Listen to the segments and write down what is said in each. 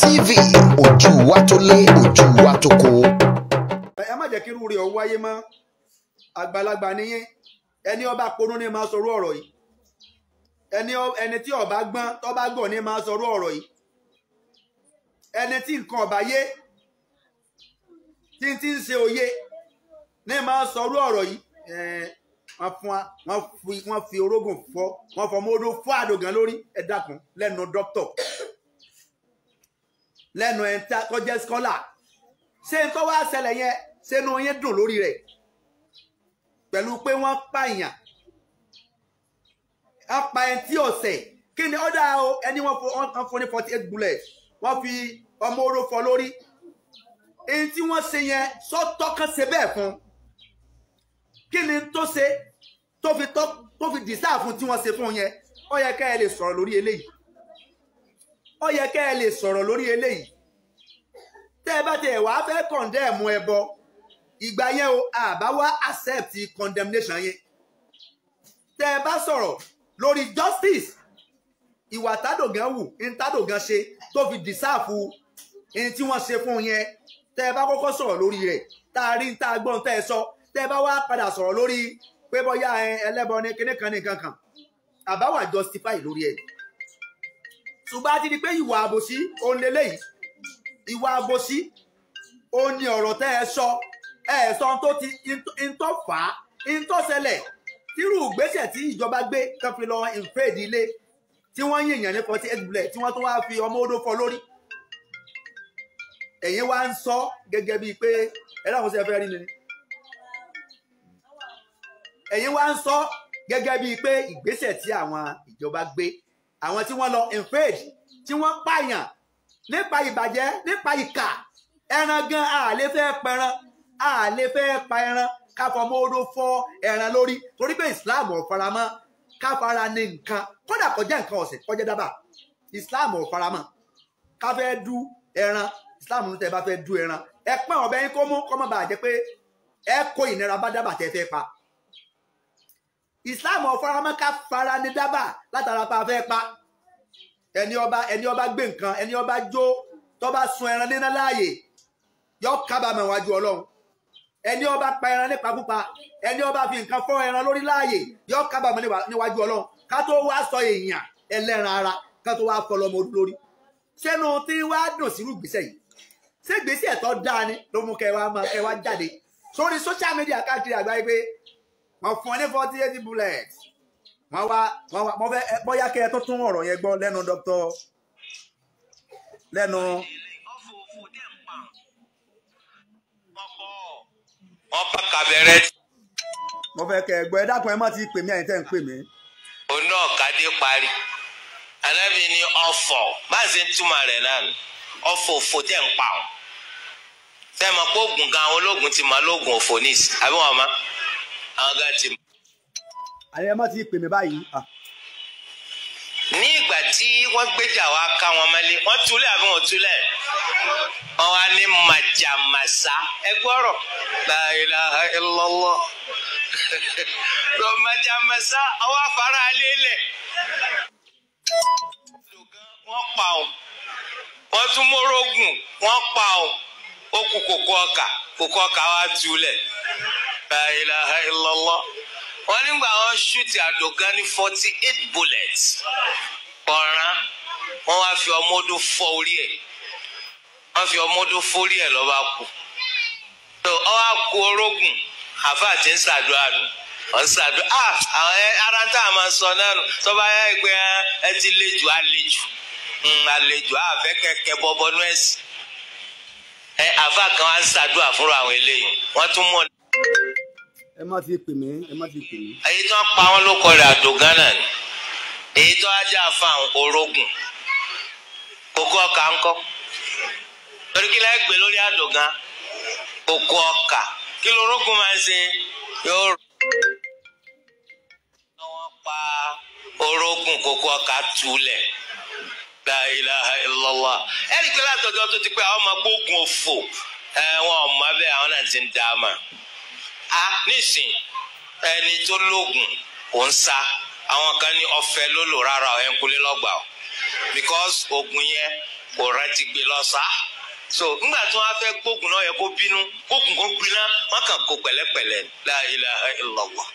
TV ojú wa tó lé ojú wa tó kó. ẹ má jẹ́ kí irú rẹ̀ ọ̀hún wáyé mọ́ àgbàlagbà nìyẹn ẹni ọba ponú ni máa sọ̀rọ̀ ọ̀rọ̀ yìí ẹni tí ọba gbọ́n tọ́ba gbọ́n ni máa sọ̀rọ̀ ọ̀rọ̀ yìí ẹni tí nǹkan ọba yé tí tí ń ṣe òye ní máa sọ̀rọ̀ ọ̀rọ̀ yìí wọ́n fún wọ́n fi orógùn fọ́ wọ́n fọmọ odó fọ́ àdògán lórí ẹ dákun lẹ́nu dókítọ̀ lẹ́nu ẹ̀ tó jẹ́ scholar ṣé n tó wá ṣẹlẹ̀ yẹn ṣé inú yẹn dùn lórí rẹ̀ pẹ̀lú pé wọ́n pààyàn apa ẹni tí ọ̀sẹ̀ kí ni ọ̀dà o ẹni wọ́n fún ní forty eight bullet wọ́n fi ọmọ oró fọ lórí èyí tí wọ́n ṣe yẹn sọ́tọ́ kan ṣe bẹ́ẹ̀ fún kí ni tó ṣe tó fi tó fi dìsáà fún tí wọ́n ṣe fún yẹn ó yẹ ká ẹ lè sọ̀rọ̀ lórí eléyìí ó yẹ kẹ́ ẹ lè sọ̀rọ̀ lórí eléyìí tẹ́ ẹ bá tẹ ẹ̀ wá fẹ́ kọ̀ǹdẹ́ẹ̀mù ẹbọ ìgbà yẹn o àbá wá accept condemnation yẹn tẹ́ ẹ bá sọ̀rọ̀ lórí justice ìwà tádògán wù ní tádògán ṣe tó fi dìsáàfù ẹni tí wọ́n ṣe fún yẹn tẹ́ ẹ bá kọ́kọ́ sọ̀rọ̀ lórí rẹ̀ tá a rí tá a gbọ́n tẹ́ ẹ sọ tẹ́ ẹ bá wá padà sọ̀rọ̀ lórí pé bóyá ẹlẹ́bọ ni kíní kan ní kankan àbá wà justify lórí ẹ̀ ṣùgbọ́n a ti di pé ìwà àbòsí òun lélẹ́yìí ìwà àbòsí òun ni ọ̀rọ̀ tẹ́ ẹ sọ ẹ sọ tó ti ntọ́ fà á ntọ́ ṣẹlẹ̀ tírú ìgbésẹ̀ tí ìjọba gbé kan fi lọ ìfèdí ilé tí wọ́n yìnyín ní forty eight bullet tí wọ́n tún wáá fi ọmọ odó fọ́ lórí ẹ̀yin wá ń sọ gẹ́gẹ́ bíi pé ẹ láwọn ṣe fẹ́ rí mi ni ẹ̀yin wá ń sọ gẹ́gẹ́ bíi pé ìgbésẹ̀ tí àwọn ìjọba gbé àwọn tí wọ́n lọ in faith tí wọ́n pààyàn nípa ìbàjẹ́ nípa ìkà ẹran gan a lè fẹ́ pẹran a lè fẹ́ pa ẹran káfọmọ odò fọ ẹran lórí torí pé Islam ò faramọ́ káfara ní nǹkan kódà kọjá nǹkan ọ̀sẹ̀ kọjá dábàá Islam ò faramọ́ káfẹ́ du ẹran Islam ló tẹ bá fẹ́ du ẹran ẹ pọ́n ọ̀bẹ yín kó mú kọ́mọ́ bàjẹ́ pé ẹ kó ìnira bá dábàá tẹ fẹ́ pa islam ọ̀faramọ́ká fara ní dábà látara pa afẹ́ pa ẹni ọba ẹni ọba gbé nǹkan ẹni ọba jó tọ́ba sun ẹran léná láàyè yọ kábàámọ̀ wájú ọlọ́run ẹni ọba pa ẹran nípakúpa ẹni ọba fi nǹkan fọ́ ẹran lórí láàyè yọ kábàámọ̀ níwájú ọlọ́run ká tó wá sọ èèyàn ẹlẹ́ran ara ká tó wá fọlọ́ ọmọ lórí sẹ́nu tí wàá dùn sírú gbèsè yìí ṣé ẹ̀tọ́ dáa ni ló mú kẹ́ jáde sórí social media káàkiri àgbáyé pé wọ́n fún ẹ ní forty eight wọ́n wá wọ́n wá wọ́n fẹ́ tó tún ọ̀rọ̀ yẹn gbọ́ lẹ́nu dr lẹ́nu. wọ́n bá kàbẹ̀rẹ̀. mo fẹ́ kẹ́ ẹ dákun ẹ má ti pè mí ń pè mí. òun náà kàdé parí anábì ní ń náà òfò ń pa àwọn ológun ti àwọn gan ti mọ̀. àyẹ̀ má ti ní ìgbà tí wọ́n gbéjà wa ká wọn mọ́lé wọ́n túlẹ̀ àbí wọ́n túlẹ̀ wọ́n wá ní màjàmásá ẹ gbọ́rọ̀ la lọ màjàmásá àwọn afárá wọ́n pa ọ́ wọ́n wọ́n pa ọ́ ó kú ọkà ọkà wa túlẹ̀. lọlọ wọ́n nígbà wọn ṣùtì ní forty eight bullets ọ̀ràn wọn wá fi ọmọ fọ orí fi ọmọ ọdún forí ẹ lọ́ba kù tó ọwọ́ orógùn àfa ti ń ṣàdúrà nù wọ́n ń ah, àwọn ará tá a máa sọ náà tọ́ba yá ìgbẹ́ ẹ ti lé hmm, ah, bọbọ kan ẹ má fi pè mí ẹ má fi pè mí. èyí tó ń pa wọn ló kọ rẹ àdó ghana ni èyí tó ajá fáwọn orógùn kókó ọkà ńkọ torí kí láì gbé lórí àdó gan kókó ọkà kí lórógùn máa ń ṣe yóò rọ. wọ́n pa orogun kókó ọkà túlẹ̀ la ilaha kí látọjọ tó ti pé àwọn ọmọ gbógun òfò ẹ wọn ò má àwọn náà ti ń dá a a nísìn ẹni tó lóògùn ò ń sa àwọn kan ní ọ̀fẹ́ ló rárá ẹ ń kulé lọgbà o because oògùn yẹn kò rántí gbé lọ so ńgbà tí wọn fẹ́ gbógun náà yẹ kó bínú gbógun kó gbiná wọn kàn kó pẹ̀lẹ́pẹ̀lẹ́ la ilaha illallah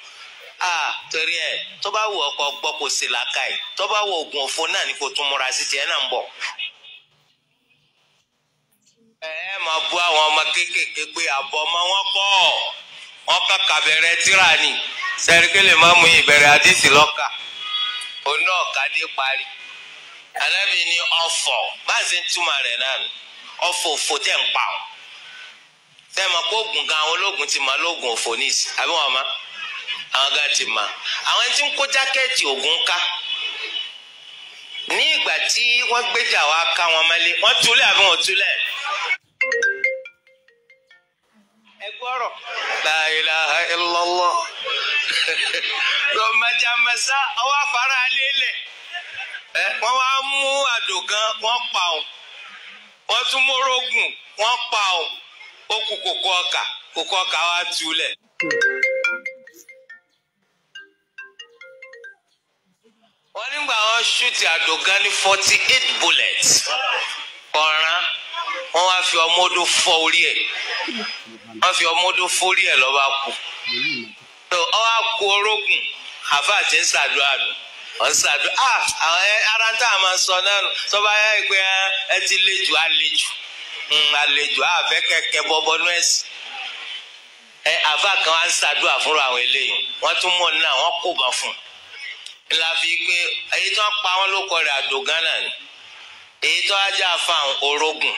a torí ẹ tó bá wù ọkọ gbọ́ kó ṣe làákàyè tó bá wù oògùn òfo náà ni kò tún múra sí tiẹ̀ náà ń bọ̀. ẹ ẹ máa bú àwọn ọmọ kéékèèké pé àbọ̀ ọmọ wọn pọ̀ ọkà kàbẹ̀rẹ̀ tíra ni sẹ́ríkìlì máa mú ìbẹ̀rẹ̀ àdìsí lọ́kà òun náà kàdé parí alábì ní ọ̀fọ̀ bá ń ṣe ń túmọ̀ rẹ̀ náà nù ọ̀fọ̀ òfò tẹ̀ ń pa ọ́ sẹ́mi ọ̀pọ̀ oògùn gan àwọn ológun ti máa lóògùn òfò ní àbí wọn máa àwọn gan ti máa àwọn tí ń kó jákẹ́ẹ̀tì ògùn ká ní ìgbà tí wọ́n gbéjà wa ká wọn mọ́lé wọ́n túlẹ̀ àbí wọn túlẹ̀ goro la ilaha illallah lọmọjàmẹsà àwọn afárá alélẹ wọn wá mú àdògán wọn pa ọ wọn tún mórógùn wọn pa ọ ó kù kòkó ọkà kòkó ọkà wa túlẹ. wọ́n nígbà wọn ṣùtì àdògán ní forty eight bullets ọ̀ràn. wọ́n wá fi ọmọdó fọ́ orí ẹ̀ wọ́n fi ọmọdó forí ẹ̀ lọ́ba kú ọ wá kú orógùn àfa àti ń ṣàdúrà nù ọ̀ ń ṣàdúrà à àwọn ará ń tà máa sọ náà nù tó bá yá ìpè ẹ ti lé jù á lé jù á hmm, lé jù á fẹ́ kẹ̀kẹ́ bọ́bọ́ nú ẹ̀sìn ẹ àfa kan wá ń ṣàdúrà fúnra àwọn eléyìí wọ́n tún mọ̀ náà wọ́n kò bá fún un la fi gbé èyí tó ń pa wọn ló kọ rẹ àdògán náà ni èyí tó ajá fáwọn orógùn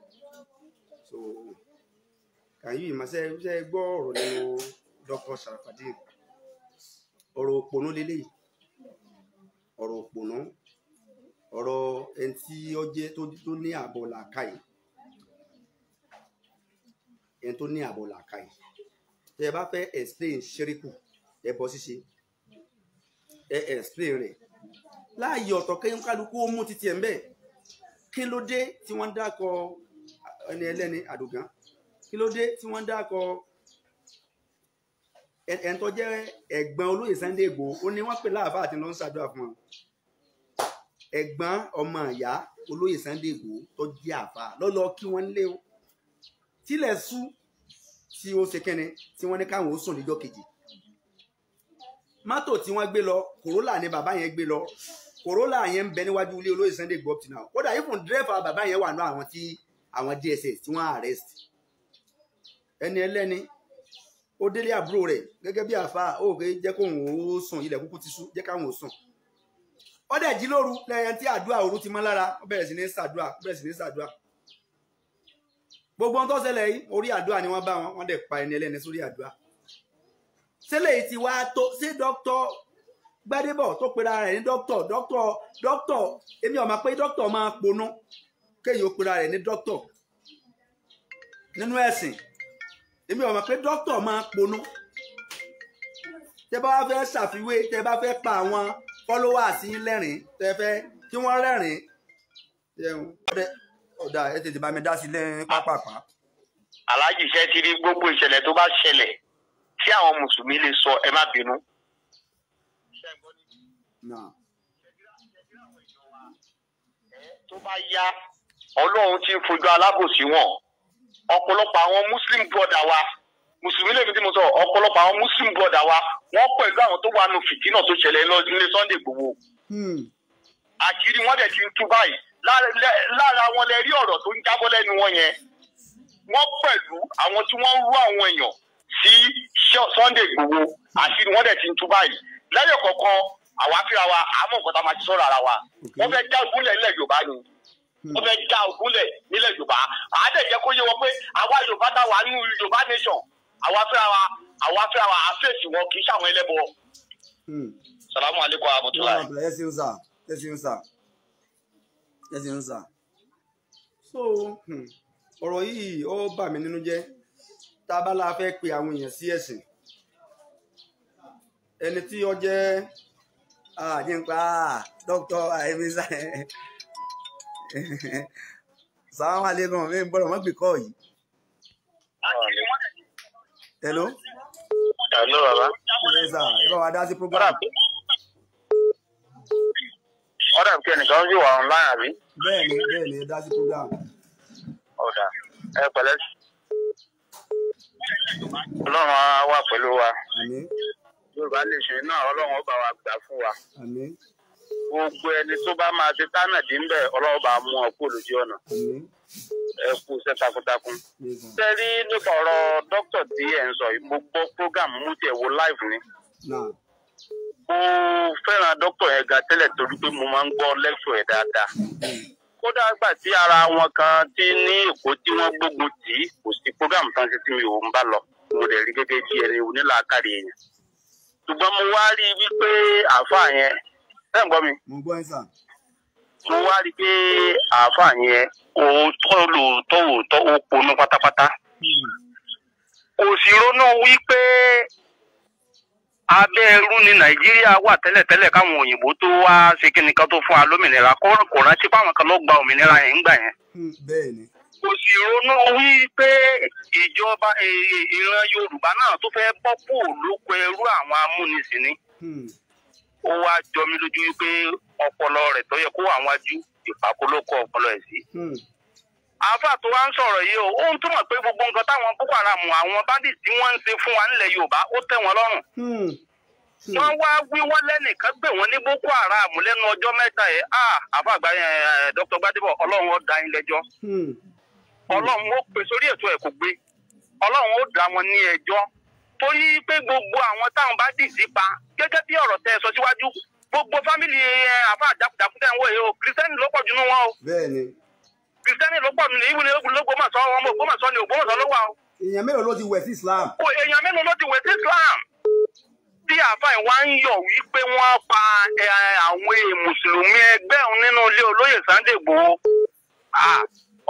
so kàyí ìmọ̀sẹ́ ṣe gbọ́ ọ̀rọ̀ lẹ́nu dr sharafadin ọ̀rọ̀ òpònú lélẹ́yìí ọ̀rọ̀ òpònú ọ̀rọ̀ ẹni tí ó jẹ́ tó ní àbọ̀ làákàyè ẹni tó ní àbọ̀ làákàyè tẹ bá fẹ́ explain ṣeríkù ẹbọ ṣíṣe ẹ explain rẹ̀ láàyè ọ̀tọ̀ kẹ́yìn kálukú ó mú títí ẹ̀ ń bẹ̀ kí ló dé tí wọ́n dákọ̀ ẹni ẹlẹ́ni àdògán kí ló dé tí wọ́n dákọ ẹni tó jẹ́ ẹ̀gbọ́n olóyè Sunday Igboho ó ní wọ́n pè láàbá àti ló ń ṣàdúrà fún wọn ẹ̀gbọ́n ọmọ ìyá olóyè Sunday Igboho tó jẹ́ àfa lọ́lọ́ kí wọ́n lé o tílẹ̀ sú tí ó ṣe kẹ́ni tí wọ́n ní káwọn ó sùn níjọ́ kejì mọ́tò tí wọ́n gbé lọ Corolla ni bàbá yẹn gbé lọ Corolla yẹn ń bẹ níwájú ilé olóyè Sunday Igboho up to now kódà ìfún dírẹ́fà bàbá yẹn wà náà àwọn tí àwọn DSS tí wọ́n arrest ẹni ẹlẹ́ni ó délé àbúrò rẹ̀ gẹ́gẹ́ bí àfa òkè jẹ́ kóun ó sùn ilẹ̀ kúkú ti sú jẹ́ káwọn ò sùn ó dẹ̀ jí lóru lẹ́yìn tí àdúrà òru ti mọ́ lára ó bẹ̀rẹ̀ sí ní sàdúrà ó bẹ̀rẹ̀ sí ní sàdúrà gbogbo ohun tó ṣẹlẹ̀ yìí orí àdúrà ni wọ́n bá wọn wọ́n dẹ̀ pa ẹni ẹlẹ́ni sórí àdúrà ṣẹlẹ̀ yìí ti wá tó ṣé dókítọ̀ Gbádébọ̀ tó pera rẹ̀ ní dókítọ̀ dókítọ̀ dókítọ̀ èmi ò pé dókítọ̀ máa ponú kéèyàn ó pera rẹ̀ ní dókítọ̀ nínú ẹ̀sìn èmi ò mọ̀ pé dókítọ̀ máa ponú tẹ bá fẹ́ ṣàfiwé tẹ bá fẹ́ pa àwọn followers yín lẹ́rìn tẹ fẹ́ kí wọ́n rẹ́rìn ọ̀dà ẹ tètè bá mi dá sí lẹ́rìn pápápá. aláàjì iṣẹ́ ti rí gbogbo ìṣẹ̀lẹ̀ tó bá ṣẹlẹ̀ tí àwọn mùsùlùmí lè sọ ẹ má bínú. tó bá yá ọlọ́run ti ń fojú alábòsí wọn ọ̀pọ̀lọpọ̀ àwọn muslim brother wa mùsùlùmí lèmi tí mo sọ ọ̀pọ̀lọpọ̀ àwọn muslim brother wa wọ́n pẹ̀lú àwọn tó wà nù fìtínà tó ṣẹlẹ̀ lọ Sunday Igboho hmm. àkìrí wọn dẹ̀ ti ń tú báyìí lára wọn lè rí ọ̀rọ̀ tó ń jábọ́ lẹ́nu wọn yẹn wọ́n pẹ̀lú àwọn tí wọ́n ń rú àwọn èèyàn sí Sunday Igboho àkìrí wọn dẹ̀ ti ń tú báyìí lẹ́yọ̀ kọ̀ọ̀kan àwa fíra wa àmọ́ nǹkan tá a máa ti sọ̀rọ̀ ara wa wọ́n fẹ́ já ìgúnlẹ̀ ilẹ̀ Yorùbá ni. wọ́n fẹ́ dá ògúnlẹ̀ nílẹ̀ yorùbá àádẹ́jẹ́ kó yé wọn pé àwa yorùbá táwa nínú yorùbá nation àwa wa àwa wa àfẹ́sì hmm. salamu so ọ̀rọ̀ yìí ó bà mí nínú jẹ́ tá a bá la fẹ́ pe àwọn èèyàn sí ẹ̀sìn ẹni tí ó jẹ́ ah, ah, dókítà sàwọn alẹ́gàn mi ń bọ̀rọ̀ mọ́ yìí. hello. hello baba. ṣe sà ẹ bá wa dá sí program. ọ̀dà pé ẹnìkan yóò wà online àbí. bẹ́ẹ̀ni bẹ́ẹ̀ni ẹ dá sí program. ọ̀dà ẹ pẹ̀lẹ́ sí. ọlọ́run á wà pẹ̀lú wa. yorùbá lè ṣe náà ọlọ́run ó bá wa gbà fún wa gbogbo ẹni tó bá máa ti tánàdí ń bẹ ọlọ́run bá mú ọ kó lójú ọ̀nà ẹ kú iṣẹ́ takuntakun. sẹ́rí nípa ọ̀rọ̀ dókítà tí ẹ̀ ń sọ yìí mo gbọ́ program mú tiẹ̀ wo live ni. mo fẹ́ràn dókítà yẹn ga tẹ́lẹ̀ torí pé mo máa ń gbọ́ lẹ́kṣọ̀ ẹ̀ dáadáa. kódà gbà tí ara wọn kan ti ní èkó tí wọ́n gbógun tì í kò sí program kan sí tí mi ò ń bá lọ mo dẹ̀ rí gẹ́gẹ́ bí ẹni onílàákàrí èèyàn. ṣùgbọ́n mo wá rí i wípé àáfàá yẹn ẹ ń gbọ́ mi. wá rí pé àáfàá yẹn òun tó lò tó wò ponú pátápátá. kò sì ronú wípé abẹ́ ẹrú ni nàìjíríà wà tẹ́lẹ̀tẹ́lẹ̀ káwọn òyìnbó tó wá ṣe kíni kan tó fún wa lómìnira kò rántí páwọn kan ló gba òmìnira yẹn ńgbà yẹn. Hmm, bẹ́ẹ̀ni kò sì ronú wí ìjọba ìran yorùbá náà tó fẹ́ bọ́ kúrò lóko ẹrú àwọn amúnisìn ni. Hmm. ó wá jọ mí lójú wípé ọpọlọ rẹ̀ tó yẹ kó wà wájú ìpàkólókọ ọpọlọ ẹ̀ sí. Hmm. àáfà tó wá ń sọ̀rọ̀ yìí o ó ń túmọ̀ pé gbogbo nǹkan táwọn boko haram àwọn bandits tí wọ́n ń ṣe fún wa nílẹ̀ yorùbá ó tẹ́ wọn lọ́rùn hmm. Hmm. wọ́n wá wíwọ́ lẹ́nìkan gbé wọn ní boko haram lẹ́nu ọjọ́ mẹ́ta yẹn a àfàgbà dr gbadebo ọlọ́run ó dá yín lẹ́jọ́ ọlọ́run ó pè sórí ètò ẹ̀ kò gbé ọlọ́run ó dá wọn ní ẹjọ́ torí pé gbogbo àwọn táwọn bá dì sí pa gẹ́gẹ́ bí ọ̀rọ̀ tẹ́ sọ síwájú gbogbo fámìlì àfa àjàkújàkú tẹ̀ ń wòye o kìrìsìtẹ́nì ló pọ̀ jù wọn o. kìrìsìtẹ́nì ló pọ̀ nínú ìwúni lógbómọ̀ṣọ́ ọmọ Ògbómọ̀ṣọ́ ni Ògbómọ̀ṣọ́ ló wà o. èèyàn mélòó ló ti wẹ̀ sí Islam. kò èèyàn mélòó ló ti wẹ̀ sí Islam. tí àfa ìwá ń yọ̀ wípé wọ́n pa àwọn mùsùlùmí ẹgbẹ́ òun nínú ilé olóyè Sunday Igboho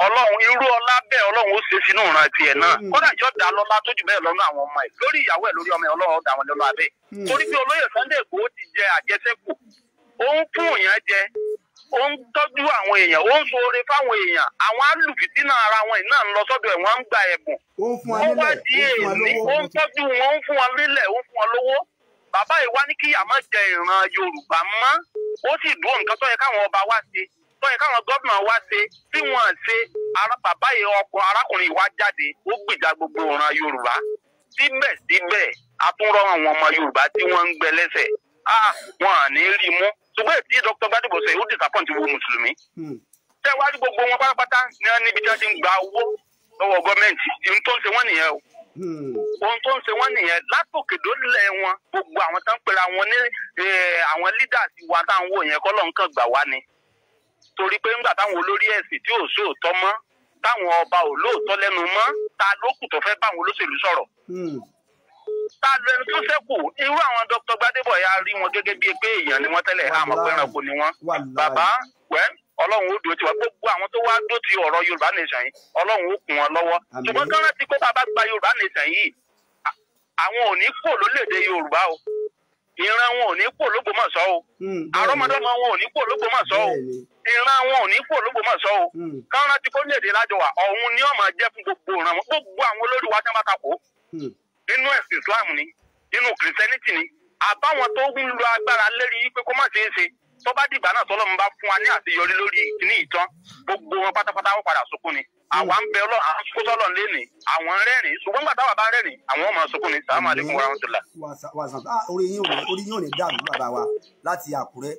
ọlọ́run irú ọlá bẹ́ẹ̀ ọlọ́run ó ṣe sínú ìran tiẹ̀ náà mm. kódà yọ dá lọ́lá tó jù bẹ́ẹ̀ lọ́nà àwọn ọmọ ẹ̀ lórí ìyàwó ẹ̀ lórí ọmọ ẹ̀ ọlọ́run ọ̀dà wọn lọ́lá bẹ́ẹ̀ mm. torí olóyè Sunday ti jẹ àjẹsẹ́kù ó ń fún jẹ ó ń tọ́jú àwọn èèyàn ó ń fáwọn èèyàn àwọn ara wọn iná ń tó yẹ káwọn gómìnà wá ṣe tí wọ́n ṣe bàbá yìí ọkọ arákùnrin wa jáde ó gbèjà gbogbo ọ̀ràn yorùbá síbẹ̀síbẹ̀ àtúnrọ̀ àwọn ọmọ yorùbá tí wọ́n ń gbẹ lẹ́sẹ̀ wọn à ní rí mú ṣùgbọ́n ètí dr gbadebo sọ yóò disappoint wo mùsùlùmí hmm. tẹ́wájú gbogbo wọn pátápátá ní wọn níbi tí wọ́n ti ń gba owó lọ́wọ́ gọ́ọ̀mẹ̀ntì ohun tó ń ṣe wọ́n nìyẹn o hmm. ohun tó ń ṣe wọ́n nìyẹn látòkè dólẹ̀ wọn gbogbo àwọn tó ń pera wọn ní eh, àwọn leaders wa táwọn wò yẹn kọ́ lọ́nkàn gbà wá ni torí pé ńgbà táwọn olórí ẹ̀sìn tí ò sóòótọ́ mọ́ táwọn ọba ò lóòótọ́ lẹ́nu mọ́ ta ló kù tó fẹ́ báwọn olóṣèlú sọ̀rọ̀. Hmm. ta lẹnu tó ṣẹ́kù irú àwọn Dr. Gbadebo ya rí wọn gẹ́gẹ́ bíi pé èèyàn ni wọ́n tẹ́lẹ̀ àmọ́ pé ẹranko ni wọ́n. bàbá wẹ́ ọlọ́run ó dúró tiwa gbogbo àwọn tó wá dó ti ọ̀rọ̀ Yorùbá nation yìí ọlọ́run ó kún wọn lọ́wọ́ ṣùgbọ́n kí wọ́n rántí pé bàbá gba Yorùbá nation yìí àwọn ò ní kúrò lólè ìran wọn ò ní kú ológbòmọ̀ṣọ́ o sọ hmm, wọn ò ní kú ológbòmọ̀ṣọ́ o ìran wọn ò ní kú sọ o hmm. káwọn ti kó ní èdè lájọ wa ọ̀hún ni ọ̀mà jẹ́ fún gbogbo ìran wọn gbogbo àwọn olórí wa tán bá ta hmm. ẹ̀sìn Islam ni kìrìsẹ́nìtì ni àbáwọn tó ń agbára lérí pé kó má ṣe dìgbà náà fún wa ní àṣeyọrí lórí ìkíní ìtàn gbogbo wọn pátápátá àwa ń bẹ ọlọ́run àwọn kó sọ́lọ̀ lẹ́nìí àwọn rẹ́rìn ṣùgbọ́n gbàtà wà bá rẹ́rìn àwọn ọmọ sọkún ni sàmú àlékún wa rántí la. wàsàn ah orí yín ò orí yín ò ní dàrú bàbá wa láti àkúrẹ́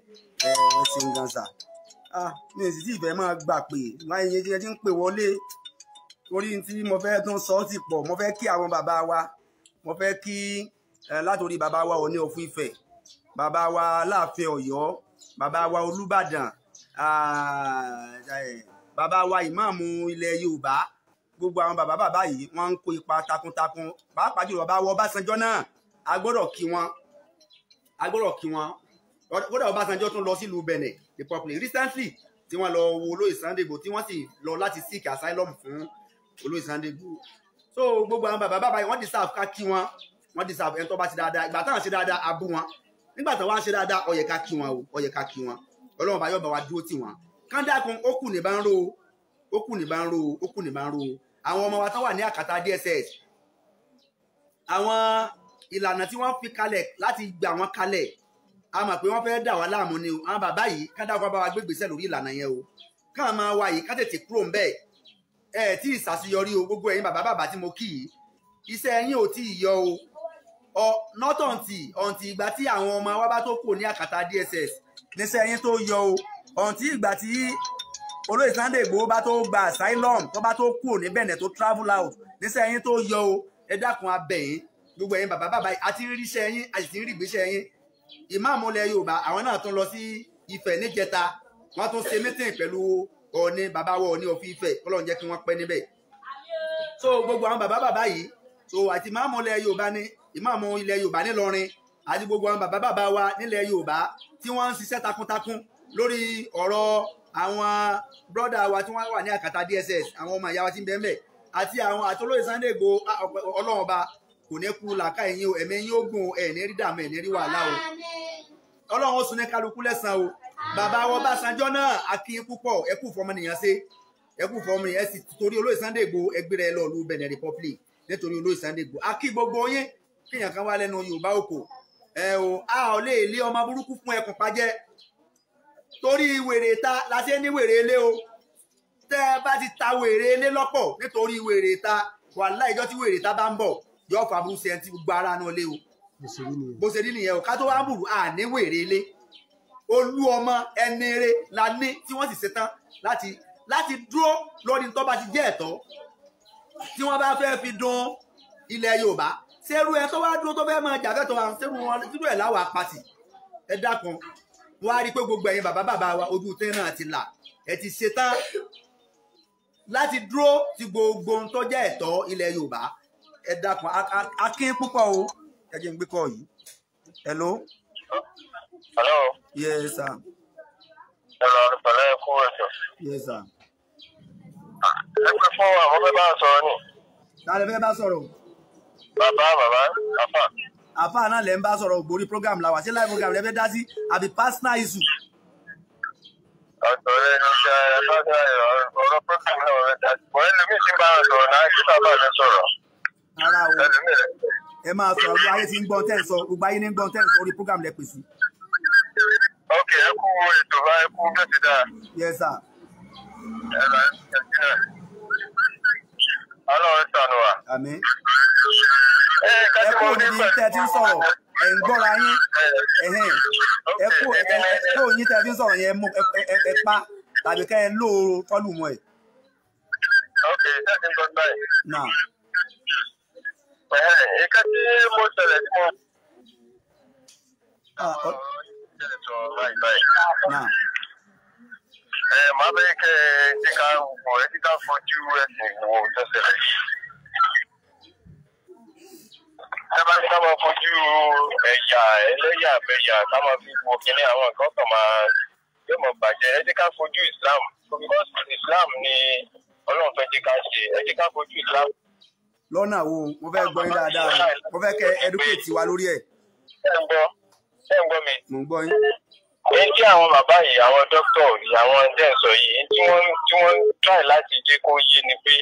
ẹ ẹ ṣeun gansa ah mi ò sì tí ìfẹ́ máa gbà pé láyé yẹn ti ń pè wọlé orí tí mo fẹ́ tún sọ ti pọ̀ mo fẹ́ kí àwọn bàbá wa mo fẹ́ kí látòrí bàbá wa Ọọ̀ni of Ifẹ̀ bàbá wa Aláàfin Ọ̀yọ́ bàbá wa Olúbàdàn bàbá wa ìmáàmù ilẹ̀ yorùbá gbogbo àwọn bàbá bàbá yìí wọ́n ń kó ipa takuntakun pàápàá jùlọ bàbá wa ọbásanjọ́ náà a gbọ́dọ̀ kí wọn a gbọ́dọ̀ kí wọn kódà ọbásanjọ́ tún lọ sílùú benin republic recently tí wọ́n lọ wo olóyè Sunday Igboho tí wọ́n sì lọ láti seek asylum fún olóyè Sunday so gbogbo àwọn bàbá bàbá yìí wọ́n deserve ká kí wọn wọ́n deserve ẹni tó bá ṣe dáadáa ìgbà táwọn ṣe dáadáa abú wọn nígbà táwọn ṣe dáadáa ó ká kí wọn o ó ká kí wọn Ọlọ́run bá yọ̀bọ̀ wa dúró tì wọn kanda kan ó kù ní bá ń ro ó kù ní bá ro ó kù ní bá ro àwọn ọmọ wa tó wà ní àkàtà DSS àwọn ìlànà tí wọ́n fi kalẹ̀ láti gbà wọ́n kalẹ̀ a mọ̀ pé wọ́n fẹ́ dà wá láàmú ni o àwọn bàbá yìí kádà kó bá wa gbégbèsè lórí ìlànà yẹn o ká máa wá yìí ká tètè kúrò ń bẹ́ẹ̀ ẹ tí ì ṣàṣeyọrí o gbogbo ẹ̀yin bàbá bàbá tí mo kì í iṣẹ́ yín ò tí ì yọ o not until until ìgbà tí àwọn ọmọ wa bá tó kù ní àkàtà DSS níṣẹ́ yín tó yọ o ọ̀ǹtí ìgbà tí olóyè Sunday Igboho bá tó gba asylum tó bá tó kúrò ní Benin tó travel out níṣẹ́ yín tó yọ o ẹ dákun abẹ́yìn gbogbo ẹ̀yin bàbá bàbá àti ríṣẹ́ yín àti ti rí ìgbésẹ̀ yín ìmáàmù ilẹ̀ Yorùbá àwọn náà tún lọ sí Ifẹ̀ níjẹta wọ́n tún ṣe mítìn pẹ̀lú Ọọ̀ni bàbá wọ Ọọ̀ni òfin Ifẹ̀ kọ́lọ́n jẹ́ kí wọ́n pẹ́ níbẹ̀ so gbogbo àwọn bàbá bàbá yìí so àti ìmáàmù ilẹ̀ Yorùbá ní ìmáàmù ilẹ̀ Yorùbá nílọrin àti gbogbo àwọn bàbá bàbá wa nílẹ̀ Yorùbá tí wọ́n ń ṣiṣẹ́ takuntakun lórí ọ̀rọ̀ àwọn brọ́dà wa tí wọ́n wà ní àkàtà DSS àwọn ọmọ ìyá wa ti ń bẹ́ẹ̀ àti àwọn àtolóyè Sunday Igboho ọlọ́run ọba kò ní kú làákà yín o ẹ̀mí yín ó gùn rí dààmú ẹ̀ rí wàhálà o ọlọ́run ó sun ní kálukú lẹ́sàn-án o bàbá wa Ọbásanjọ́ náà a kí yín púpọ̀ ẹ kú fọmọnìyàn ṣe ẹ kú fọmọnìyàn sì torí olóyè Sunday Igboho ẹgbẹ́ rẹ lọ́ọ̀lù Benin Republic nítorí olóyè Sunday Igboho a kí gbogbo yín kíyàn kan wá lẹ́nu Yorùbá òkò ẹ o a ò lè lé ọmọ burúkú fún ẹkùn pajẹ́ torí wèrè ta la ṣe ní wèrè ilé o tẹ́ ẹ bá ti ta wèrè ilé lọ́pọ̀ nítorí wèrè ta wàhálà ìjọ tí wèrè ta bá ń bọ̀ yóò fà burú sẹ́ńtì gbogbo ara náà lé o bó ṣe rí nìyẹn o ká tó wá ń bùrù àní wèrè ilé olú ọmọ ẹni eré la ní tí wọ́n sì ṣetán láti láti dúró lórí tó bá ti jẹ́ ẹ̀tọ́ tí wọ́n bá fẹ́ fi dun ilẹ̀ Yorùbá ṣerú ẹ tó wá dúró tó fẹ́ máa jàfẹ́tọ̀ à ṣerú wọn títú ẹ̀ láwàá pàtì ẹ dákun wọ́n rí pé gbogbo ẹ̀yin bàbá bàbá wa ojú tẹ́ náà ti là ẹ ti ṣe tán láti dúró ti gbogbo ohun tó ẹ̀tọ́ ilẹ̀ Yorùbá ẹ dákun akín púpọ̀ o ẹ jẹ́ n gbé kọ́ yìí hello. hello. yes sir. hello ọ̀rẹ́pẹ̀lẹ́ ẹ̀kú ẹ̀jọ̀. yes sir. ẹ pẹ́ fún àwọn fẹ́ bá sọ̀rọ̀ ni. ta ló fẹ́ bá sọ̀rọ̀. bàbá bàbá àfà àfa náà lẹ́ ń bá sọ̀rọ̀ ògbórí program làwà ṣé live program rẹ̀ dá sí àbí personal issue. ọ̀sọ̀rọ̀ ẹni ṣe ẹ̀fọ́dà ọ̀rọ̀ program náà rẹ̀ dá sí wọ́n ẹni mi ti bá sọ̀rọ̀ náà kí bàbá mi sọ̀rọ̀. ara o ẹ máa sọ̀rọ̀ gbogbo ayé ti ń gbọ́n tẹ́ǹsọ gbogbo ayé ní ń gbọ́n tẹ́ǹsọ orí program lẹ pè ok ẹ kú ètò bá ẹ kú bẹ́ẹ̀ ti dáa. yes sir. ẹ lọ ẹ ti ṣe Eh, ẹ kú òdìdí tẹ́ ti ń sọ̀rọ̀ ẹ̀ ń gbọ́ra yín eh, eh, ẹ kú òyìn tẹ́ ti ń sọ̀rọ̀ yẹn ẹ pa tàbí kẹ́ ẹ lóoro fọ́lù mọ́ ẹ̀. ok ṣé ẹ ti ń gbọ́ báyìí. náà. ẹ ẹ ká tí mo ṣẹlẹ̀ tí mo. náà ẹ máa bẹ́ẹ̀ kẹ́ ẹ ti ká wọ̀ ẹ ti ká fojú ẹ̀sìn wo tó ṣẹlẹ̀ sábà sábà fojú ẹ̀yà ẹlẹ́yàmẹ̀yà sábà fi wo kíní àwọn nǹkan kan máa yóò mọ̀ bàjẹ́ ẹ ká fojú Islam because Islam ni Ọlọ́run fẹ́ jẹ́ ká ṣe ẹ ká fojú Islam. lọ́nà wo mo fẹ́ gbọ́ yín dáadáa mo fẹ́ kẹ́ educate wa lórí ẹ̀. ṣé ń gbọ́ mi. mo ń gbọ́ yín. ẹ jẹ́ àwọn bàbá yìí àwọn dókítà yìí àwọn ẹ̀ńdẹ̀sọ̀ yìí tí wọ́n tí wọ́n try láti jẹ́ kó yé ni pé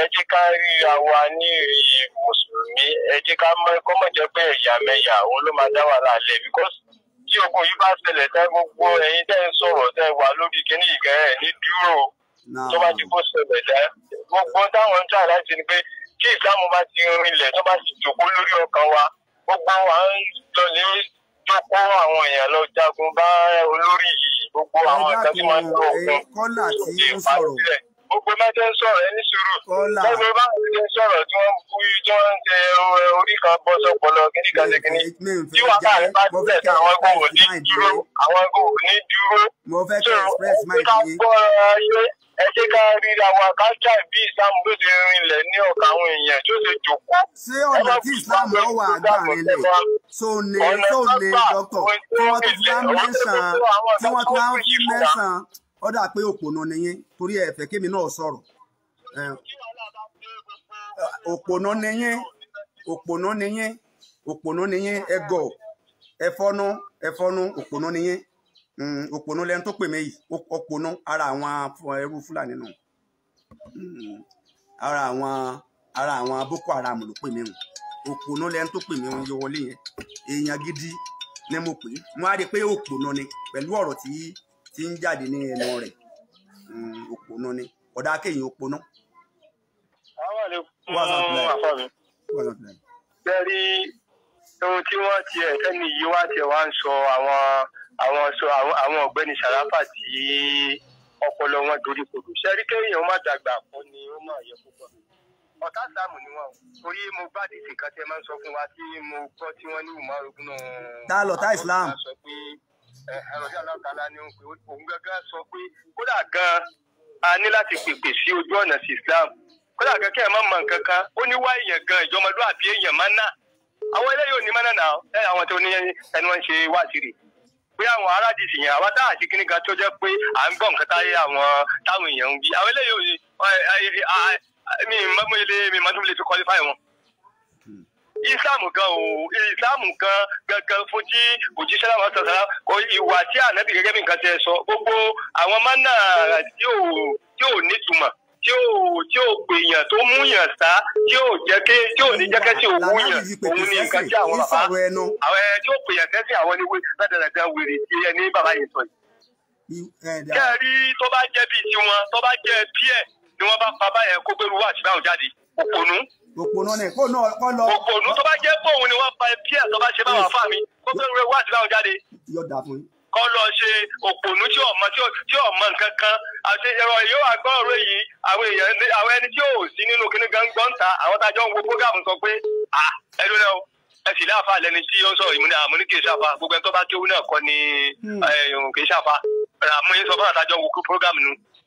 ẹ jẹ́ ká ríra wa ní rí mùsùlùmí ẹ jẹ́ ká mọ ẹ̀kọ́ mọ̀ jẹ́ pé ẹ̀yàmẹ̀yà òun ló máa dá wàhálà lẹ̀ because tí ogun yìí bá ṣẹlẹ̀ tẹ́ gbogbo ẹ̀yin tẹ́ ń sọ̀rọ̀ tẹ́ wà lórí kíní ìgẹ̀rẹ̀ ní dúró tó bá ti kó ṣẹlẹ̀ dá gbogbo táwọn ń tà láti ni pé tí ìsìlámù bá ti rinlẹ̀ tó bá ti jòkó lórí ọkàn wa gbogbo wa ń lọ ní jókó àwọn èèyàn lọ jagun bá olórí yìí gbogbo àwọn ìtàkùn máa ń lọ gbogbo náà sọ̀rọ̀ ẹni sùúrù gbogbo báwọn jẹ́ sọ̀rọ̀ tí wọ́n kú ijó ń tẹ orí kan bọ́ sọpọlọ kíní kan ṣe kíní tí wọ́n bá rí bá tilẹ̀ tí àwọn ẹgbẹ́ wò ní dúró àwọn ẹgbẹ́ wò ní dúró so ẹgbẹ́ ká ayé ẹ jẹ́ ká rí àwọn àkáńtà bí ìsàmù ló ṣe rinlẹ̀ ní ọ̀kà àwọn èèyàn tó ṣe jòkó. ṣé ọ̀nà tí ìsìlámù ló wà àgbà rinlẹ̀ tó lè tó lè dọ́tọ̀ tí wọ́n ti fi mẹ́sàn-án tí wọ́n ti fi mẹ́sàn-án ọ dà pé òpònà nìyẹn torí ẹ fẹ́ kémi náà sọ̀rọ̀ òpònà nìyẹn òpònà nìyẹn òpònà nìyẹn ẹgọ ẹfọnú ẹfọnú òpònà nìyẹn mm, òpònà lẹni tó pè mí yìí òpònà ara àwọn ẹrú fúlàní nù mm, ara àwọn ara àwọn boko haram ló pè mí hùn òpònà lẹni tó pè mí hùn wọlé yẹn èèyàn gidi ni mo pè é mo á rí i pé òpònà ni pẹ̀lú ọ̀rọ̀ tí tí ń jáde ní ẹnu rẹ̀ hmm, òpònú ni ọ̀dà kéèyàn òpònú. àwọn àlè fún àfọ mi bẹ́ẹ̀rí ohun tí wọ́n tiẹ̀ ẹni yìí wá tiẹ̀ wá ń sọ àwọn àwọn sọ àwọn ọ̀gbẹ́ni sàràfà tí ọpọlọ wọn dorí kodò sẹ́rí kéèyàn má dàgbà kọ́ ni ó máa yẹ púpọ̀ ọ̀tá sáàmù ni wọn torí mo bá dìsì kan tẹ máa ń sọ fún wa tí mo gbọ́ tí wọ́n ní ìmọ̀ ogun náà. tá a lọ tá islam ẹ̀rọ̀dí alákàlà ni òun gángan sọ pé kódà gan a ní láti pèpè sí ojú ọ̀nà sí Islam kódà gan kí ẹ má mọ nǹkan kan ó ní wá èèyàn gan ìjọmọdún àbí èèyàn má náà àwọn eléyìí ò ní mọ́nà náà ẹ àwọn tó ní ẹni wọ́n ń ṣe wáàsírì pé àwọn aládìsí yẹn àwọn táà sí kíní kan tó jẹ́ pé à ń gbọ́ nǹkan táyé àwọn táwọn èèyàn ń bí àwọn eléyìí ò ní mi mọ́tò lè fi kọ́lífà wọn islam gan o islam gan gangan fún tí òjíṣẹ́ láwọn sàṣàlá kò ìwà tí ànábì gẹ́gẹ́ bí nǹkan ti sọ gbogbo àwọn mánà tí ò tí ò nítumọ̀ tí ò tí ò gbèyàn tó mú yàn sá tí ò jẹ́ tí ò ní jẹ́ kẹ́sì òwú yàn òun ni nǹkan tí àwọn bàbá àwọn tí ò gbèyàn kẹ́sì àwọn ni ládàdàdà wèrè tí ẹ ní bàbá yìí sọ yìí. kẹ́ẹ̀rí tó bá jẹ́ bíi tiwọn tó bá jẹ́ bíẹ̀ ni wọ́n bá bàbá yẹn kó gbẹ́rú wá àtibáwò jáde òpònú òpònà ni kó náà kọ́ lọ. òpònú tó bá jẹ́ pòun ni wọ́n pa ẹbí ẹ̀ tó bá ṣe báwọn afá mi kó fẹ́ rẹ wáàdì láwọn jáde. kọ́ lọ ṣe òpònú tí ọmọ tí ọmọ nǹkan kan àti ẹ̀rọ yóò àgbọ̀ yìí àwọn èèyàn àwọn ẹni tí ò sí nínú kíní gbọ́n ta àwọn tá a jọ ń wo program sọ pé à ẹnu náà ẹ sì láàfà lẹni tí ó ń sọ ìmúni àmúni kì í ṣàfà gbogbo ẹni tó bá kéwú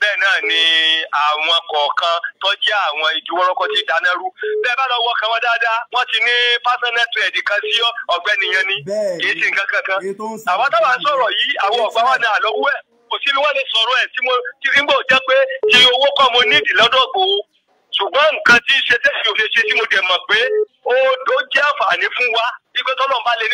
bẹ́ẹ̀ náà ni àwọn kọ̀ọ̀kan tó jẹ́ àwọn igi tí dáná rú bẹ́ẹ̀ bá lọ wọ́ kan wọ́n dáadáa wọ́n ti ní personal thread kan sí ọ̀gbẹ́ni yẹn ni kì í sì nǹkan kankan àwọn táwọn sọ̀rọ̀ yìí àwọn ọ̀gbà wà náà lọ́wọ́ ẹ̀ kò sí ni wọ́n lè sọ̀rọ̀ ẹ̀ tí mo ti rí ń jẹ́ pé ti owó kọ́ mo nídìí lọ́dọ̀ ṣùgbọ́n nǹkan tí ṣe tẹ́sí òṣèṣe tí mo dẹ̀ mọ̀ pé ó jẹ́ àǹfààní fún wa wípé tọ́lọ́mbà lè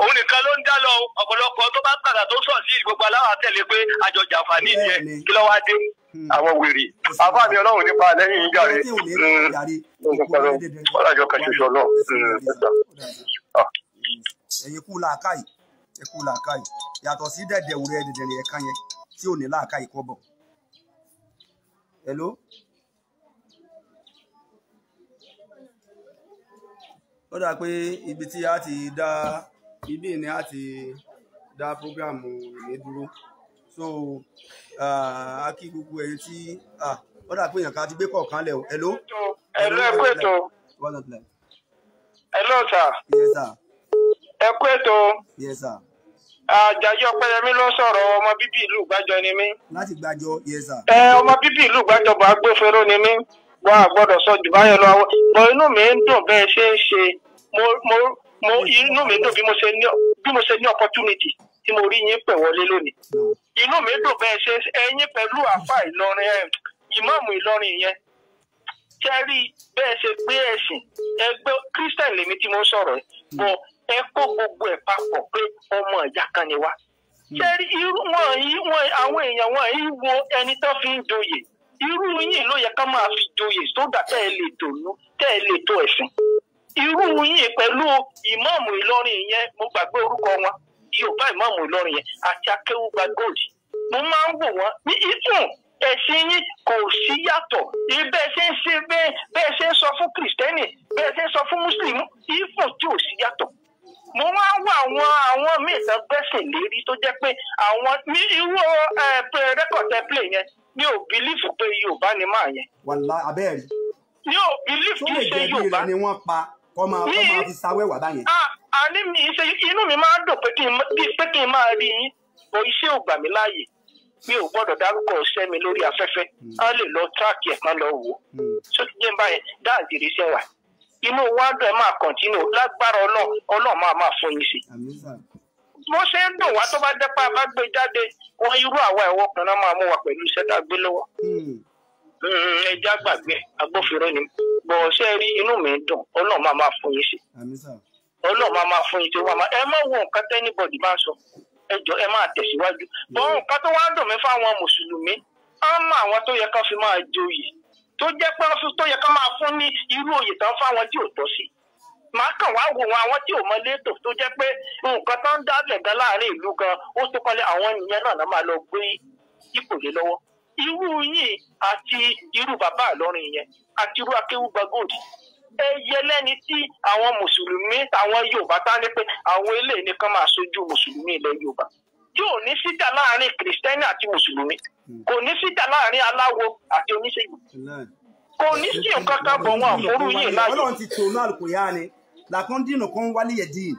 òun nìkan ló ń dá lọ ọ̀pọ̀lọpọ̀ tó bá kàkà tó sọ̀ sí gbogbo aláwọ̀ àtẹ̀lé pé àjọ jàǹfààní yẹn kí ló wá dé hmm. àwọn wèrè àbá mi ọlọ́run nípa lẹ́yìn ìjà rẹ̀ ọ̀làjọ hmm. kan ṣoṣo lọ. Hmm. Ah. ẹ̀yin kú làákàyè ẹ̀ kú làákàyè yàtọ̀ sí dẹ̀dẹ̀ òwúrẹ́ dẹ̀dẹ̀rẹ̀ ẹ̀ka yẹn tí ò ní làákàyè kọ́ bọ̀. Hello? ó dà pé ibi tí a ti dá. Da ibí ni a ti dá prógrámù ìní dúró so a kí gbogbo ẹ̀yin tí ó dà pé èèyàn ká ti gbé kọ̀ọ̀kan lẹ̀ o hello. hello ẹ kú ètò. hello sir. yes sir. ẹ kú ètò. yes sir. Àjàyí Ọpẹ́yẹmí ló sọ̀rọ̀ ọmọ bíbí ìlú Ìgbàjọ ni mí. láti Gbàjọ yes sir. ẹ ọmọ bíbí ìlú Ìgbàjọ bá gbófinró ni mí wọn àgbọ́dọ̀ sọ jù báyọ lọ àwọn ìgbọ inú mi ń dùn bẹ́ẹ̀ ṣe ń ṣe mo mo inú mi dùn bí mo ṣe ní bí mo ṣe ní opportunity tí mo rí yín pè wọlé lónìí inú mi dùn bẹ́ẹ̀ ṣe ẹ̀yin pẹ̀lú àfà Ìlọrin ẹ̀ ìmáàmù Ìlọrin yẹn ṣe rí bẹ́ẹ̀ ṣe gbé ẹ̀sìn ẹgbẹ́ Christian lèmi tí mo sọ̀rọ̀ bọ̀ ẹ kó gbogbo ẹ̀ papọ̀ pé ọmọ ìyá kan ni wá ṣe rí irú wọn yìí wọn àwọn èèyàn wọn yìí wo ẹni tó fi ń joyè irú yìí ló yẹ ká máa fi sódà tẹ́ ẹ lè dòlú tẹ́ ẹ lè tó ẹ̀sìn irú yín pẹ̀lú ìmáàmù Ìlọrin yẹn mo gbàgbé orúkọ wọn Yorùbá ìmáàmù Ìlọrin yẹn àti Akéwùgbà Gold mo máa ń wò wọ́n ní ìtùn ẹ̀sìn yín kò sí yàtọ̀ ibẹ̀ ṣe ń ṣe bẹ́ẹ̀ bẹ́ẹ̀ ṣe ń sọ fún kìrìsìtẹ́nì bẹ́ẹ̀ ṣe ń sọ fún mùsùlùmí ìfún tí ò sí yàtọ̀ mo wá wá àwọn àwọn míì tán gbẹ́sẹ̀ lérí tó jẹ́ pé àwọn ní irú rẹ́kọ̀tẹ́ play yẹn mi ò bílífù pé Yorùbá ni máa yẹn. wàlá abẹ́rẹ́ mi ò bílífù kì í ṣe Yorùbá. tó lè jẹ́ bí rẹ̀ ni wọ́n pa kọ́ máa kọ́ máa hmm. fi sáwẹ́wà báyẹn. àní ah, ah, mi ṣe inú mi máa ń dùn pé kí n máa rí yín bọ iṣẹ́ ò gbà mí láàyè mi ò gbọ́dọ̀ dárúkọ ọ̀sẹ́ mi lórí afẹ́fẹ́ hmm. á lè lọ tíráàkì ẹ̀kan lọ wò ó tó hmm. ti jẹ́ báyẹn dáàdì rí sẹ́wà inú wa dùn ẹ máa kọ̀ntínú lágbára ọlọ́run ọlọ́run máa máa fún yín sí bó ṣe ń dùn wá tó bá dẹ́pà bá gbé jáde wọn irú àwa ẹ̀wọ́ kan náà máa mú wa pẹ̀lú iṣẹ́ tá a gbé lọ́wọ́. Mm, ẹja gbàgbé agbófinró ni bọ̀ ṣe rí inú mi dùn ọlọ́run máa máa fún yín sí ọlọ́run máa máa fún yín sí ẹ má wo nǹkan tẹ́nibọ̀dì máa sọ ẹ jọ ẹ máa tẹ̀síwájú bọ́ mm. nǹkan tó wá dùn mí fáwọn mùsùlùmí á mọ àwọn tó yẹ ká fi máa joyè tó jẹ́ pé tó yẹ ká máa fún ní irú òye tán fáwọn tí ò tọ́ sí màá kàn wá wò wọn àwọn tí ò mọ létò tó jẹ́ pé nǹkan tó ń láàrin ìlú irú yìí àti irú bàbá àlọ́rin yẹn àti irú akéwùgbà gold ẹyẹ lẹ́ni tí àwọn mùsùlùmí àwọn yorùbá tá ní pé àwọn eléyìí nìkan máa ṣojú mùsùlùmí ilẹ̀ yorùbá yóò ní síjà láàrin kìrìsìtẹ́nì àti mùsùlùmí kò ní síjà láàrin aláwo àti oníṣègùn kò ní sí nǹkan kan bọ̀ wọn àforú yìí láyé. ọlọ́run ti tòun náà kò yá ni làkúndínù kan wálé yẹ̀ dín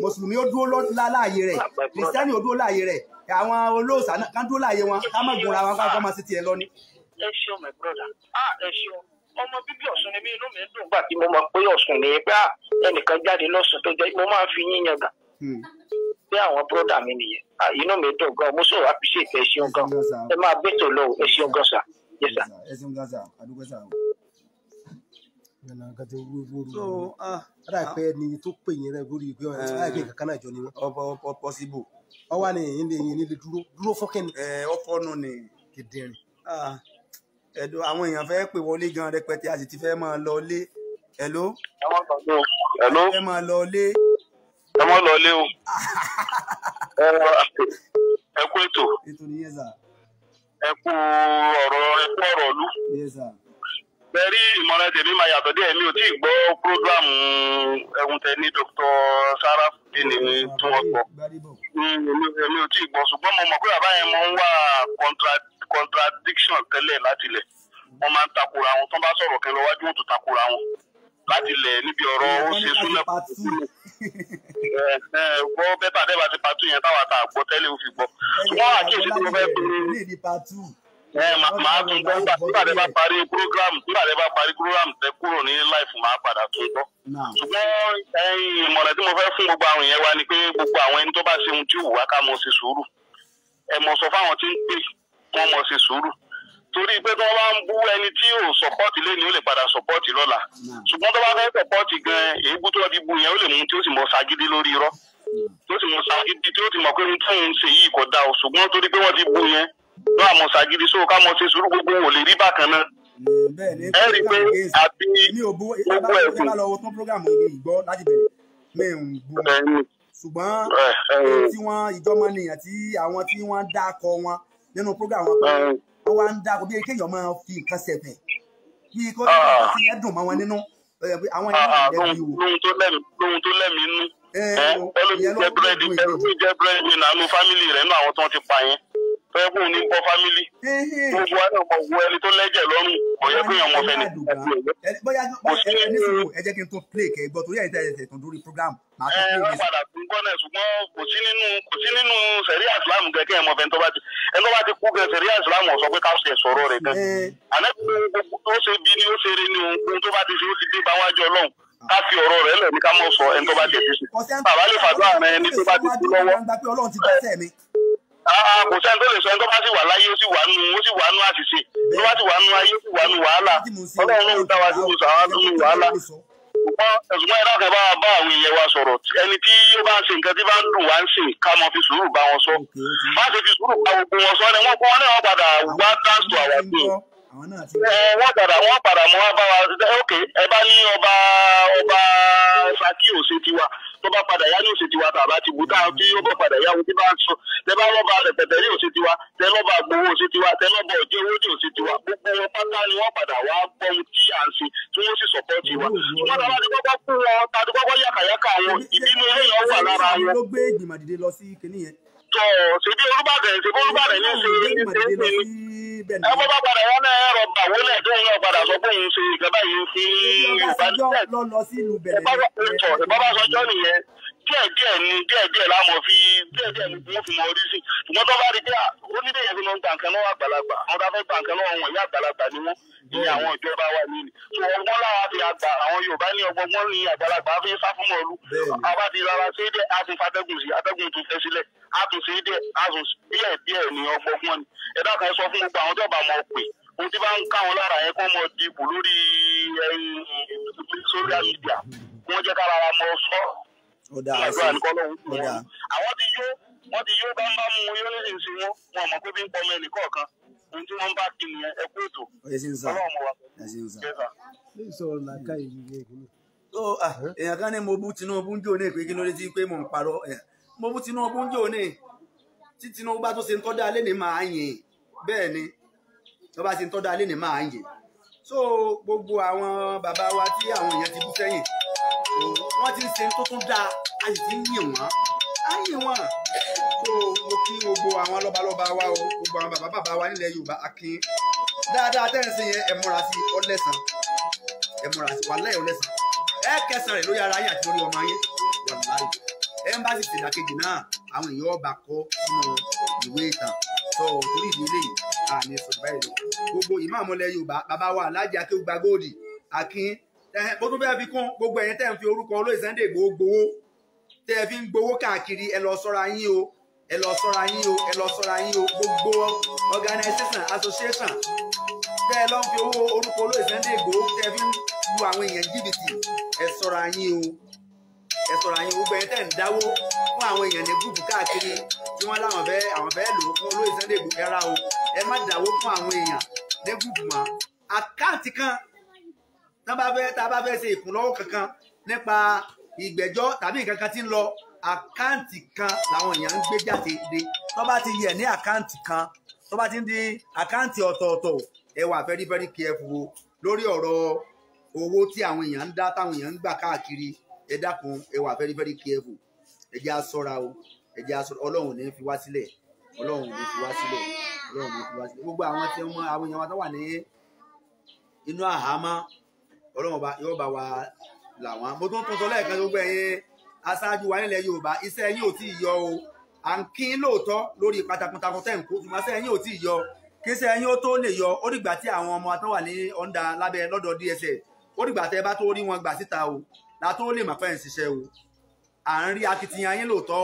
mùsùlùmí ó dúró láàyè rẹ̀ kìrìsìtẹ́nì ó dúró láàyè rẹ̀ àwọn olóòṣà náà kán dúró láàyè wọn ká má gunra wọn káwọn ọmọ sí tiẹ̀ lọ ni. ẹ ṣeun my brother ah ẹ ṣeun ọmọ bíbí ọ̀sùn ni mí inú mi ń dùn gbà tí mo mọ̀ pé ọ̀sùn ni pé ah, ẹnìkan jáde lọ́sùn tó jẹ́ mo máa ń fi yín yan gà bí hmm. àwọn bọ́dà mi nìyẹn ah, inú mi dùn gan mo sọ̀rọ̀ àpèsè ìfẹ́ ẹṣin gan ẹ máa bẹ́tò lọ ẹṣin gan sà yẹ sà. so ah. ara ìpẹ́ ah. ni tó pè yín rẹ̀ lórí ìgbé ọ̀rẹ́ eh. àìpé kankan náà jọ ni wọ́n. possible ọwọ́ ni èyí lè yìn nílé dúró dúró fọ́kẹ́ ni. ẹ ọkọ nù ni kìdìrín ẹdùn àwọn èèyàn fẹ́ pè wọlé gan rẹpẹtẹ a sì ti fẹ́ máa lọ lé ẹ̀ló. ẹ lọ lé o. ẹ̀ló. ẹ máa lọ lé. ẹ mọ lọ lé o. ẹ kú ètò. ètò nìyẹn sà. ẹ kú ọ̀rọ̀ ẹ kú ọ̀rọ̀ lu. bẹ́ẹ̀rí ìmọ̀ràn tèmi máa yàtọ̀ díẹ̀ mi ò tí ì gbọ́ prógráàmù ẹ̀hún tẹ ní Dr. Saraf kí ni tí wọ́n sọ èmi ò tí ì gbọ́ ṣùgbọ́n mo mọ̀ pé bàbá yẹn mo ń wá contradiction tẹ́lẹ̀ láti ilẹ̀ wọ́n máa ń takora wọn tó bá sọ̀rọ̀ kẹ́ lọ́wájú wọn tó takora wọn láti ilẹ̀ níbi ọ̀rọ̀ ó ṣe súnlẹ̀ gbọ́ bẹ́ẹ̀ bá dẹ́gbà ti pàtó yẹn táwa ta àgbọ́ tẹ́lẹ̀ ó fi gbọ́ ṣùgbọ́n àkíyèsí tí mo fẹ́ pé ẹ màá tún gbọ́ nígbà tí bá parí program nígbà tí bá parí program tẹ kúrò ní láìfù máa padà tún gbọ́. ṣùgbọ́n ẹyin ìmọ̀ràn tí mo fẹ́ fún gbogbo àwọn yẹn wa ni pé gbogbo àwọn ẹni tó bá ṣe ohun tí wù wá ká mọ̀ ṣe sùúrù ẹ mọ̀ sọ fáwọn tí ń pè wọ́n mọ̀ ṣe sùúrù torí pé tí wọ́n bá ń bú ẹni tí yóò sọpọ́ọ̀tì lé ni ó lè padà sọpọ́ọ̀tì lọ́la ṣùgbọ́n tó bá fẹ́ sọpọ́ọ̀tì gan èébú tó fi bu yẹn ó lè mú tí ó sì mọ ṣagídí lórí irọ́ tó sì mọ ṣagídí tí ó ti mọ̀ pé ohun tí òun ṣe yìí kò dáa ṣùgbọ́n torí pé wọ́n ti bu yẹn ló àmọ̀ ṣàgídí so ká mọ̀ ṣe sùúrù gbogbo wò lè rí bákan náà. ẹ rí i pé àbí gbogbo ẹ̀kún. ṣùgbọ́n tí wọ́n ìjọba nìyàn àwọn tí wọ́n dá akọ wọn nínú programu wọn wá ń dá bí kéèyàn máa fi nǹkan ṣẹ̀fẹ̀ kí kó tí ẹ dùn mọ́ wọn nínú àwọn yẹn náà wò. Ah, lóhun tó lẹ́mìí nú ẹlòmíì jẹ búrẹ́dì ẹlòmíì jẹ búrẹ́dì nínú àwọn fámìlì rẹ̀ nínú àwọn tó ń ti pa yẹn tó yẹ ní bọ́ fámílì gbogbo wa náà mọ̀ ẹni tó lẹ́jẹ̀ lọ́rùn kò yẹ kéèyàn mọ̀ fẹ́ni. bóyá ẹ jẹ́ kí n tó play kẹ́ gbọ́ torí ẹ̀yìn tẹ̀sẹ̀ tó ń program. ẹ ẹ padà tún gbọ́nà ṣùgbọ́n kò sí nínú kò sí nínú sẹ̀ríà ìsìlámù gẹ̀ kéèyàn mọ̀ tó bá ti ẹni tó bá ti kú gẹ̀ sẹ̀ríà ìsìlámù ọ̀sọ́ pé káṣẹ̀ sọ̀rọ̀ rẹ̀ gan. àná ká fi ọ̀rọ̀ rẹ̀ lẹ̀ ní ká mọ̀ sọ ẹni tó bá ti ṣe. bàbá lè fàdúrà rẹ ẹni tó bá ti kú lọ́wọ́. Ah, kò sẹ́ni tó lè sọ ẹni tó bá sì wà láyé ó sì wà nù ó sì wà nù àṣìṣe tó bá sì wà nù ayé ó sì wà nù wàhálà ọlọ́run náà ń wa sí ìwòsàn àwọn tó nù wàhálà wa sọ̀rọ̀ ẹni tí yóò bá ń ṣe nǹkan tí bá ń dùn wá ń wọn sọ ni wọn kọ́ wọn náà padà wá àwọn wọn padà wọn padà mọ́ wá bá ok ẹ bá ní ọba ọba tiwa tó bá padà yá ní òsè tiwa tàbá ti bu tá a kí yóò bọ̀ padà yá òun bá ń sọ tẹ bá lọ́ba rẹpẹtẹ ní òsè tiwa tẹ lọ́ba gbowó òsè tiwa tẹ lọ́ba òjò owó ní òsè tiwa gbogbo wọn pátá ni wọ́n padà wá gbọ́ ohun tí à ń ṣe tí wọ́n sì sọ̀pọ̀ tiwa ṣùgbọ́n tàbá ti kọ́kọ́ kú wọn tàbí kọ́kọ́ yàkàyàkà wọn ìbínú jọ ọ ṣebí Olúbàdàn ṣebí Olúbàdàn ṣe ní ṣe ń ṣe ní. ẹ bọ́ bá padà wọn náà ẹ̀rọ bà wọlé ẹ̀dọ́ yẹn padà sọ pé òun ṣe ìjọba yìí fi Yorùbá ẹ bá bá sọjọ́ nìyẹn díẹ̀ díẹ̀ ni díẹ̀ díẹ̀ láwọn fi díẹ̀ díẹ̀ ni wọ́n fi mọ orí sí ṣùgbọ́n tó bá rí pé ó ní bẹ́ẹ̀ fi máa ń ta nǹkan náà àgbàlagbà wọ́n bá fẹ́ gba nǹkan náà wọ̀nyí àgbàlagbà ni wọ́n ní àwọn ìjọba wa ní ni so ọgbọ́n láwa fi àgbà àwọn Yorùbá ní ọgbọ́n ní àgbàlagbà fi sá fún mọ́ọ̀lù àwa ti rárá sí dẹ́ a ti fatẹ́gùn sí atẹ́gùn tó fẹ́ sílẹ̀ a tún sí dẹ́ a tún díẹ̀ díẹ̀ ni ọgbọ́n ni ẹ̀dá kan sọ fún gbogbo àwọn ìjọba mọ̀ pé ohun tí bá ń káwọn lára yẹn kọ́ mọ dìbò lórí sórí àmì ìjà wọ́n jẹ́ kára wa mọ sọ ó dáa ó sì ó dáa. àwọn ti yó wọn ti yó bámbá mu yó lè sìn sí wọn wọn mọ pé bí ń pọmọ ẹnì kọ̀ọ̀kan ohun tí wọn bá kí nìyẹn ẹ kú ètò Ọlọ́run wa ẹ sì ń sà. lè sọ̀rọ̀ làákà yìí ní ìpínlẹ̀. tó èèyàn kan ní mo bú Tinubu ń jò ní ìpè kí ló pé mò ń parọ́ mo bú Tinubu ń jò ní tí Tinubu bá tó ṣe ń tọ́jú alẹ́ ní máa yìn bẹ́ẹ̀ ni tó bá ṣe ń tọ́jú alẹ́ ní máa yìn so gbogbo àwọn bàbá wa tí àwọn èèyàn ti bú sẹ́yìn wọ́n ti ń ṣe tó tún dáa a sì ti ń yìn wọ́n á yìn wọ́n so mo kí gbogbo àwọn lọ́balọ́ba wa o gbogbo àwọn bàbá bàbá wa nílẹ̀ Yorùbá akin dáadáa tẹ́ ẹ̀ ń sìn yẹn ẹ̀ múra sí ọlẹ́sàn ẹ̀ sí wàhálà ẹ̀ ọlẹ́sàn ẹ̀ kẹsàn rẹ̀ lórí ara yín àti lórí ọmọ yín wàhálà yìí ẹ̀ ń bá sì ṣèdàkejì náà àwọn èèyàn ọba kọ sínú ìwé ìtàn sọ torí ìdílé yìí àmì sọ̀rọ̀ báyìí lọ gbogbo ìmáàmù Yorùbá bàbá wa alájà akéwùgbà góòdì akin mo tún fẹ́ fi kún gbogbo ẹ̀yin tẹ́ ń fi orúkọ olóyè Sunday Igboho gbowó tẹ́ ẹ fi ń gbowó káàkiri ẹ lọ sọ́ra yín o ẹ lọ sọ́ra yín o ẹ lọ sọ́ra yín o gbogbo organisation association tẹ́ ẹ lọ fi owó orúkọ olóyè Sunday Igboho tẹ́ ẹ fi ń lu àwọn èèyàn jìbìtì ẹ sọ́ra yín o ẹ sọ́ra yín o gbogbo ẹ̀yin tẹ́ ń dáwó fún àwọn èèyàn ní gúùpù káàkiri tí wọ́n láwọn fẹ́ àwọn fẹ́ lò fún olóyè Sunday Igboho ẹ ra o ẹ má dáwó fún àwọn èèyàn ní gúùpù mọ́ àkáǹtì kan tán bá fẹ́ tá a bá fẹ́ ṣe ìkúnlọ́wọ́ kankan nípa ìgbẹ́jọ́ tàbí nǹkan kan tí ń lọ àkáǹtì kan làwọn èèyàn ń gbé jáde dé tó bá ti yẹ ní àkáǹtì kan tó bá ti ń di àkáǹtì ọ̀tọ̀ọ̀tọ̀ ẹ wà very very careful lórí ọ̀rọ̀ owó tí àwọn èèyàn ń dá táwọn èèyàn ń gbà káàkiri ẹ dákun ẹ wà very very careful ẹ jẹ́ á ṣọ́ra o ẹ jẹ́ á ṣọ́ra ọlọ́run ò ní fi wá sílẹ̀ ọlọ́run ò ní fi wá sílẹ̀ ọlọ́run ní fi wá sílẹ̀ gbogbo àwọn tí wọ́n àwọn èèyàn wọn tó wà ní inú àhámọ́ ọlọ́run ọba yóò bá wa là wọ́n mo tún tún sọ lẹ́ẹ̀kan gbogbo ẹ̀yin aṣáájú wa nílẹ̀ yorùbá iṣẹ́ yín ò tí ì yọ o à ń kí lóòótọ́ lórí pátákùntakùn tẹ̀ ń kó tùmọ̀ iṣẹ́ yín ò tí ì yọ kí iṣẹ́ yín ó tó lè yọ ó dìgbà tí àwọn ọmọ atọ́wà ní ọ̀ndà lábẹ́ lọ́dọ̀ dss ó dìgbà tẹ́ bá tó rí wọn gbà síta o la tó lè màpẹ́ ń ṣiṣẹ́ o à ń rí akitiyan yín lóòótọ́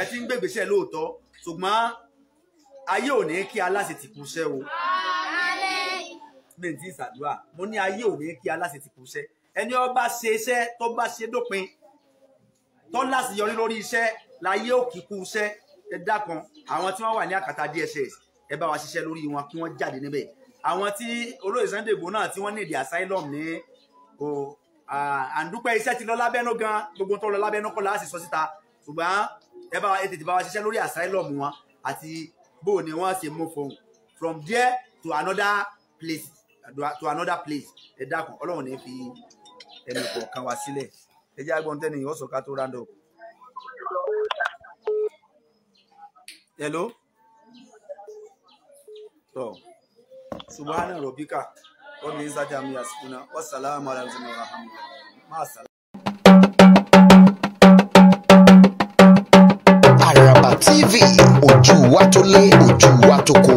ẹ ti ń gbègbèsẹ̀ lóòótọ́ ṣùgbọ́n ayé ò ní kí aláṣetìkú ṣẹ́ o announcement ìsàdúrà mo ní ayé òní kí aláṣẹ ti kú iṣẹ́ ẹni ọba ṣe iṣẹ́ tó bá ṣe dópin tó láti yọrí lórí iṣẹ́ láyé òkì kú iṣẹ́ ẹ dákan àwọn tí wọ́n wà ní àkàtà DSS ẹ bá wa ṣiṣẹ́ lórí wọn kí wọ́n jáde níbẹ̀ àwọn tí olóyè Sunday Igboho náà tí wọ́n ní ìdí asylum ní o àǹdúpẹ́ iṣẹ́ ti lọ lábẹ́nú gan gbogbo tó lọ lábẹ́nú kọ́ láti sọ síta ṣùgbọ́n ẹ bá tètè bá wa ṣiṣẹ́ lórí asylum wọn àti bó ni wọ́n ṣe move on from there to another place to another place ẹ dákun ọlọ́run ní fi ẹnì kọ̀ọ̀kan wá sílẹ̀ ẹ jẹ́ agbọ́n tẹ́ni ìwọ́sọ̀ ká tó round up. hello tọ subhana robika wọ́n ní sájàmù yasukuna wasalaamu alaykum wa rahmatulahi máa sàlá. Àràbà TV ojú wa tó lé ojú wa tó kó.